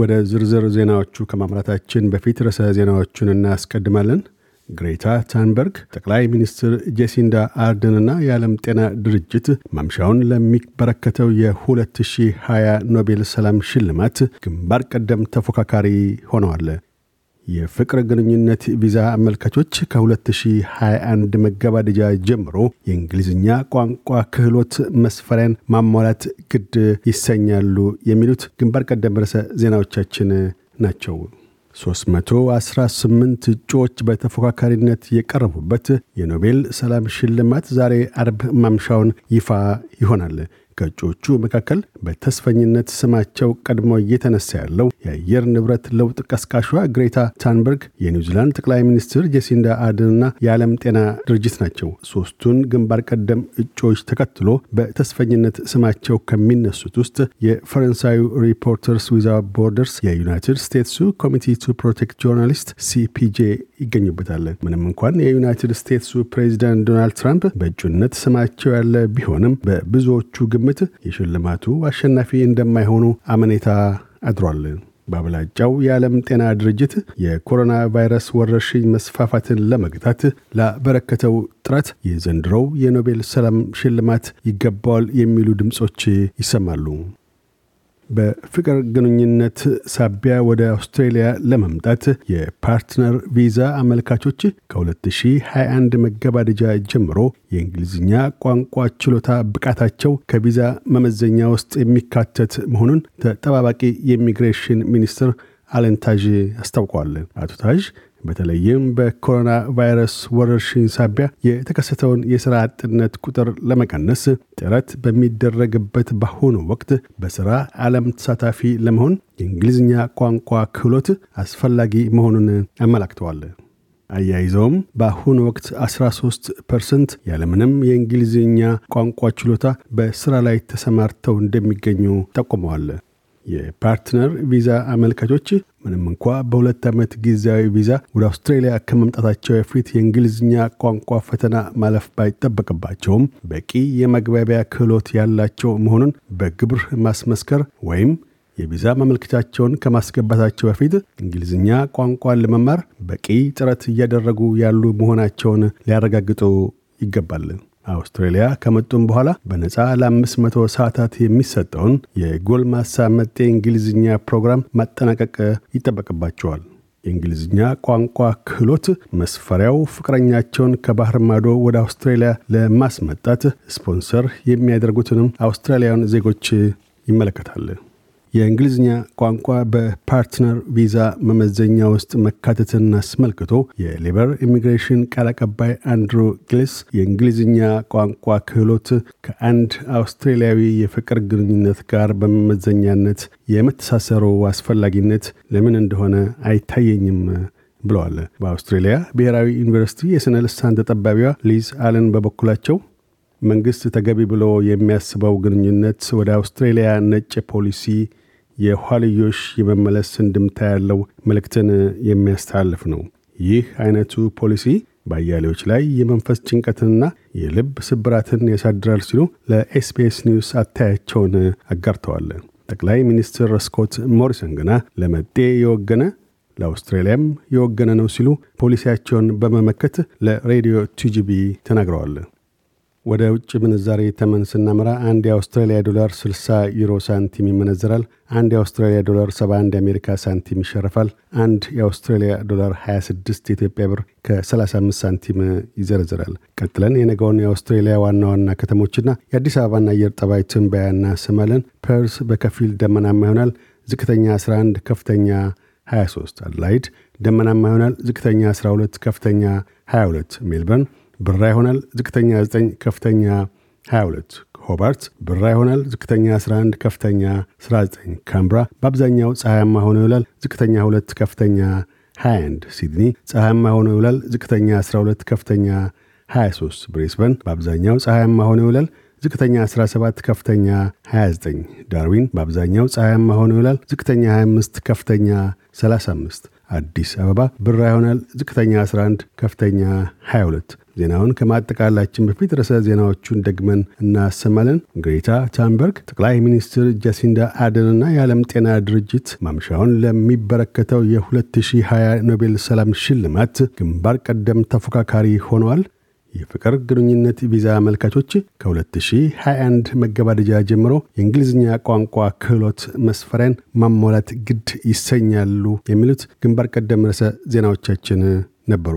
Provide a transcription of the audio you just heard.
ወደ ዝርዝር ዜናዎቹ ከማምራታችን በፊት ርዕሰ ዜናዎቹን እናስቀድማለን። ግሬታ ታንበርግ ጠቅላይ ሚኒስትር ጄሲንዳ አርደንና የዓለም ጤና ድርጅት ማምሻውን ለሚበረከተው የ2020 ኖቤል ሰላም ሽልማት ግንባር ቀደም ተፎካካሪ ሆነዋል። የፍቅር ግንኙነት ቪዛ አመልካቾች ከ2021 መገባደጃ ጀምሮ የእንግሊዝኛ ቋንቋ ክህሎት መስፈሪያን ማሟላት ግድ ይሰኛሉ የሚሉት ግንባር ቀደም ርዕሰ ዜናዎቻችን ናቸው። 318 እጩዎች በተፎካካሪነት የቀረቡበት የኖቤል ሰላም ሽልማት ዛሬ አርብ ማምሻውን ይፋ ይሆናል። ከእጩዎቹ መካከል በተስፈኝነት ስማቸው ቀድሞ እየተነሳ ያለው የአየር ንብረት ለውጥ ቀስቃሿ ግሬታ ታንበርግ የኒውዚላንድ ጠቅላይ ሚኒስትር ጄሲንዳ አድንና የዓለም ጤና ድርጅት ናቸው። ሶስቱን ግንባር ቀደም እጩዎች ተከትሎ በተስፈኝነት ስማቸው ከሚነሱት ውስጥ የፈረንሳዩ ሪፖርተርስ ዊዛውት ቦርደርስ፣ የዩናይትድ ስቴትሱ ኮሚቴ ቱ ፕሮቴክት ጆርናሊስት ሲፒጄ ይገኙበታል። ምንም እንኳን የዩናይትድ ስቴትሱ ፕሬዚዳንት ዶናልድ ትራምፕ በእጩነት ስማቸው ያለ ቢሆንም በብዙዎቹ ግምት የሽልማቱ አሸናፊ እንደማይሆኑ አመኔታ አድሯል። በአብላጫው የዓለም ጤና ድርጅት የኮሮና ቫይረስ ወረርሽኝ መስፋፋትን ለመግታት ላበረከተው ጥረት የዘንድሮው የኖቤል ሰላም ሽልማት ይገባዋል የሚሉ ድምፆች ይሰማሉ። በፍቅር ግንኙነት ሳቢያ ወደ አውስትሬሊያ ለመምጣት የፓርትነር ቪዛ አመልካቾች ከ2021 መገባደጃ ጀምሮ የእንግሊዝኛ ቋንቋ ችሎታ ብቃታቸው ከቪዛ መመዘኛ ውስጥ የሚካተት መሆኑን ተጠባባቂ የኢሚግሬሽን ሚኒስትር አለንታዥ አስታውቋል። አቶ ታዥ በተለይም በኮሮና ቫይረስ ወረርሽኝ ሳቢያ የተከሰተውን የሥራ አጥነት ቁጥር ለመቀነስ ጥረት በሚደረግበት በአሁኑ ወቅት በሥራ ዓለም ተሳታፊ ለመሆን የእንግሊዝኛ ቋንቋ ክህሎት አስፈላጊ መሆኑን አመላክተዋል። አያይዘውም በአሁኑ ወቅት 13 ፐርሰንት ያለምንም የእንግሊዝኛ ቋንቋ ችሎታ በሥራ ላይ ተሰማርተው እንደሚገኙ ጠቁመዋል። የፓርትነር ቪዛ አመልካቾች ምንም እንኳ በሁለት ዓመት ጊዜያዊ ቪዛ ወደ አውስትራሊያ ከመምጣታቸው በፊት የእንግሊዝኛ ቋንቋ ፈተና ማለፍ ባይጠበቅባቸውም በቂ የመግባቢያ ክህሎት ያላቸው መሆኑን በግብር ማስመስከር ወይም የቪዛ ማመልከቻቸውን ከማስገባታቸው በፊት እንግሊዝኛ ቋንቋን ለመማር በቂ ጥረት እያደረጉ ያሉ መሆናቸውን ሊያረጋግጡ ይገባል። አውስትሬሊያ ከመጡም በኋላ በነፃ ለ500 ሰዓታት የሚሰጠውን የጎልማሳ መጤ እንግሊዝኛ ፕሮግራም ማጠናቀቅ ይጠበቅባቸዋል። የእንግሊዝኛ ቋንቋ ክህሎት መስፈሪያው ፍቅረኛቸውን ከባህር ማዶ ወደ አውስትራሊያ ለማስመጣት ስፖንሰር የሚያደርጉትንም አውስትራሊያውን ዜጎች ይመለከታል። የእንግሊዝኛ ቋንቋ በፓርትነር ቪዛ መመዘኛ ውስጥ መካተትን አስመልክቶ የሌበር ኢሚግሬሽን ቃል አቀባይ አንድሩ ግሊስ የእንግሊዝኛ ቋንቋ ክህሎት ከአንድ አውስትራሊያዊ የፍቅር ግንኙነት ጋር በመመዘኛነት የመተሳሰሩ አስፈላጊነት ለምን እንደሆነ አይታየኝም ብለዋል። በአውስትሬልያ ብሔራዊ ዩኒቨርሲቲ የሥነ ልሳን ተጠባቢዋ ሊዝ አለን በበኩላቸው መንግስት ተገቢ ብሎ የሚያስበው ግንኙነት ወደ አውስትሬልያ ነጭ ፖሊሲ የኋልዮሽ የመመለስ እንድምታ ያለው መልእክትን የሚያስተላልፍ ነው። ይህ አይነቱ ፖሊሲ በአያሌዎች ላይ የመንፈስ ጭንቀትንና የልብ ስብራትን ያሳድራል ሲሉ ለኤስቢኤስ ኒውስ አታያቸውን አጋርተዋል። ጠቅላይ ሚኒስትር ስኮት ሞሪሰን ግና ለመጤ የወገነ ለአውስትራሊያም የወገነ ነው ሲሉ ፖሊሲያቸውን በመመከት ለሬዲዮ ቲጂቢ ተናግረዋል። ወደ ውጭ ምንዛሬ ተመን ስናመራ አንድ የአውስትራሊያ ዶላር 60 ዩሮ ሳንቲም ይመነዝራል። አንድ የአውስትራሊያ ዶላር 71 የአሜሪካ ሳንቲም ይሸርፋል። አንድ የአውስትራሊያ ዶላር 26 የኢትዮጵያ ብር ከ35 ሳንቲም ይዘረዝራል። ቀጥለን የነገውን የአውስትሬሊያ ዋና ዋና ከተሞችና የአዲስ አበባና አየር ጠባይ ትንበያ እናሰማለን። ፐርስ በከፊል ደመናማ ይሆናል። ዝቅተኛ 11፣ ከፍተኛ 23። አድላይድ ደመናማ ይሆናል። ዝቅተኛ 12፣ ከፍተኛ 22። ሜልበርን ብራ ይሆናል። ዝቅተኛ 9 ከፍተኛ 22 ሆባርት ብራ ይሆናል። ዝቅተኛ 11 ከፍተኛ 19 ካምብራ በአብዛኛው ፀሐያማ ሆኖ ይውላል። ዝቅተኛ 2 ከፍተኛ 21 ሲድኒ ፀሐያማ ሆኖ ይውላል። ዝቅተኛ 12 ከፍተኛ 23 ብሬስበን በአብዛኛው ፀሐያማ ሆኖ ይውላል። ዝቅተኛ 17 ከፍተኛ 29 ዳርዊን በአብዛኛው ፀሐያማ ሆኖ ይውላል። ዝቅተኛ 25 ከፍተኛ 35 አዲስ አበባ ብራ ይሆናል። ዝቅተኛ 11 ከፍተኛ 22 ዜናውን ከማጠቃላችን በፊት ርዕሰ ዜናዎቹን ደግመን እናሰማለን። ግሬታ ታንበርግ ጠቅላይ ሚኒስትር ጃሲንዳ አደንና የዓለም ጤና ድርጅት ማምሻውን ለሚበረከተው የ2020 ኖቤል ሰላም ሽልማት ግንባር ቀደም ተፎካካሪ ሆነዋል። የፍቅር ግንኙነት ቪዛ አመልካቾች ከ2021 መገባደጃ ጀምሮ የእንግሊዝኛ ቋንቋ ክህሎት መስፈሪያን ማሟላት ግድ ይሰኛሉ። የሚሉት ግንባር ቀደም ርዕሰ ዜናዎቻችን ነበሩ።